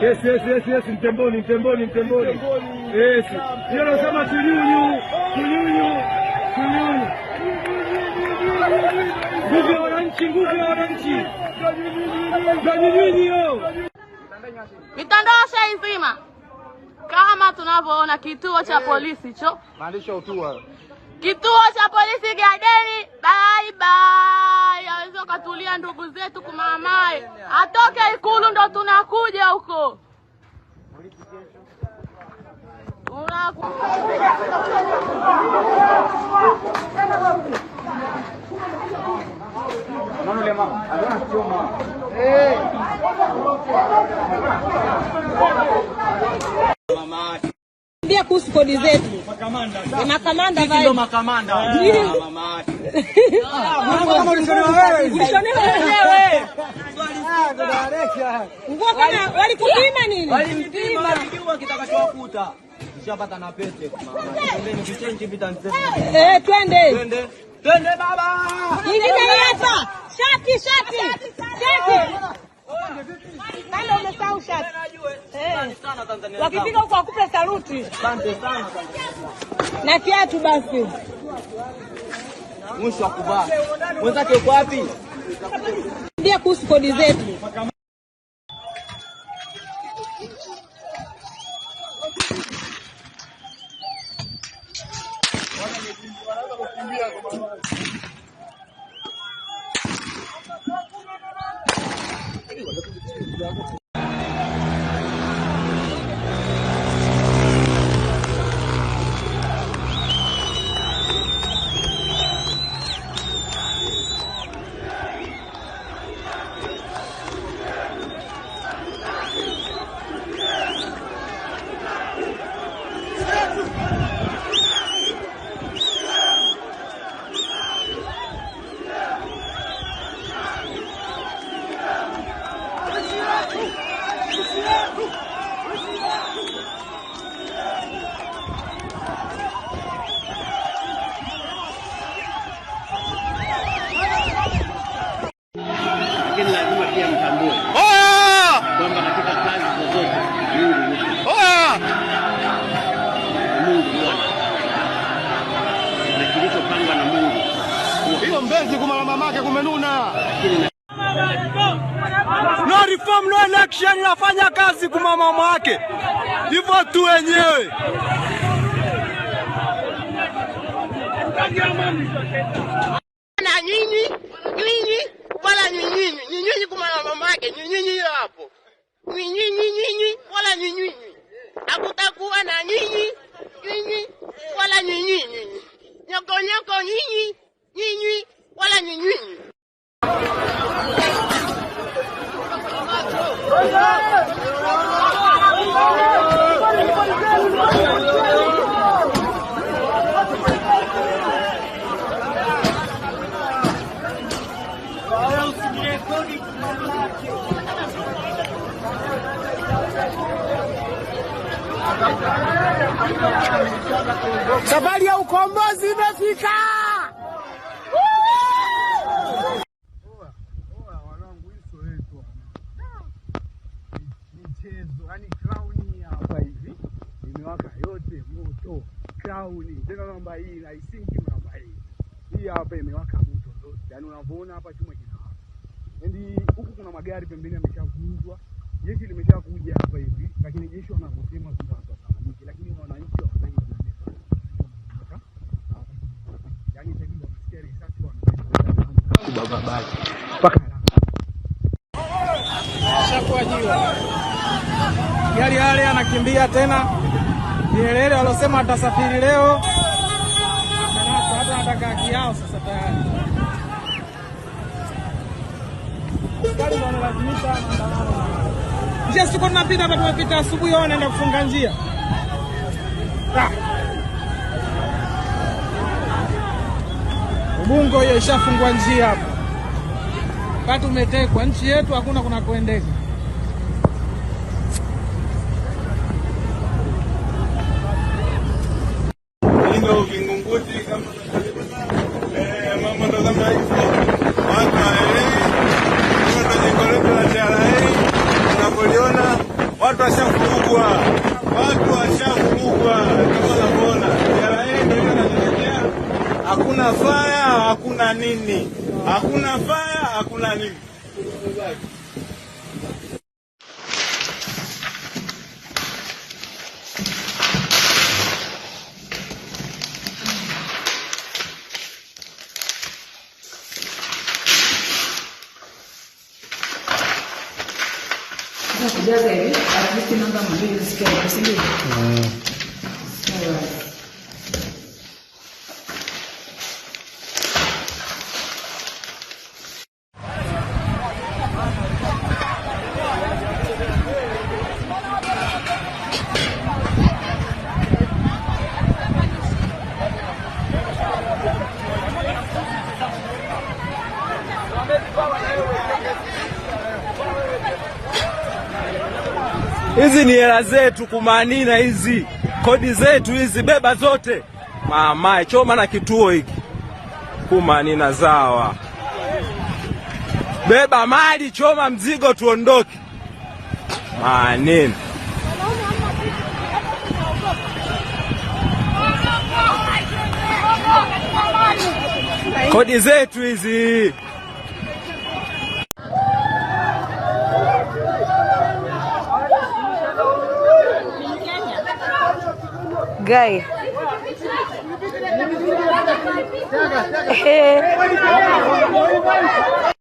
Yes, yes, yes, yes, Mtemboni, Mtemboni, Mtemboni. Yes. Hiyo nasema tunyunyu, tunyunyu, tunyunyu. Nguvu ya wananchi, nguvu ya wananchi. Tunyunyu yo. Mitandao sasa nzima. Kama tunavyoona kituo cha eh, polisi cho. Maanisha utua. Kituo cha polisi Gadeni ya ndugu zetu kumamae atoke Ikulu, ndo tunakuja huko. kuhusu kodi zetu Ni makamanda walikupima nini? Eh, twende baba, ingine hapa shati shati shati wakifika huko wakupe saluti na kiatu basi. Mwisho wa kuvaa mwenzake uko wapi? Ambia kuhusu kodi zetu. connection inafanya kazi kwa mama yake, hivyo tu wenyewe. Na nyinyi nyinyi wala nyinyi nyinyi kwa mama yake nyinyi hiyo hapo nyinyi nyinyi wala nyinyi hakutakuwa na nyinyi nyinyi wala nyinyi nyinyi nyoko nyoko nyinyi nyinyi wala nyinyi Sabari ya ukombozi imefika! mchezo, yani crown hapa hivi imewaka yote moto, crown tena namba hii na isinki namba hii hii hapa imewaka moto zote, yani unavyoona hapa chuma kinawaka. Ndi huku kuna magari pembeni yameshavunjwa, jeshi limeshakuja hapa hivi, lakini jeshi wanavyosema tunawatasamiki, lakini wananchi hawapendi Baba sasa hivi wanasikia risasi wanababa magari yale anakimbia tena. Nyerere walosema atasafiri leo, watu wanataka haki yao sasa tayari. Askari wanalazimisha maandamano. Njia siko tunapita hapa, tumepita asubuhi, wao wanaenda kufunga njia. Ubungo hiyo ishafungwa njia hapa, kati umetekwa. Nchi yetu hakuna kuna kuendeka. watu washafungwa, watu washafungwa. Kama unaona jara ndio hiyo inatokea, hakuna faya, hakuna nini, hakuna faya, hakuna nini. No, ya de ahí, aquí tiene una manera, es que hizi ni hela zetu kumanina, hizi kodi zetu hizi, beba zote mamae, choma na kituo hiki kumanina zawa, beba mali, choma mzigo, tuondoke manina kodi zetu hizi. guy. Eh.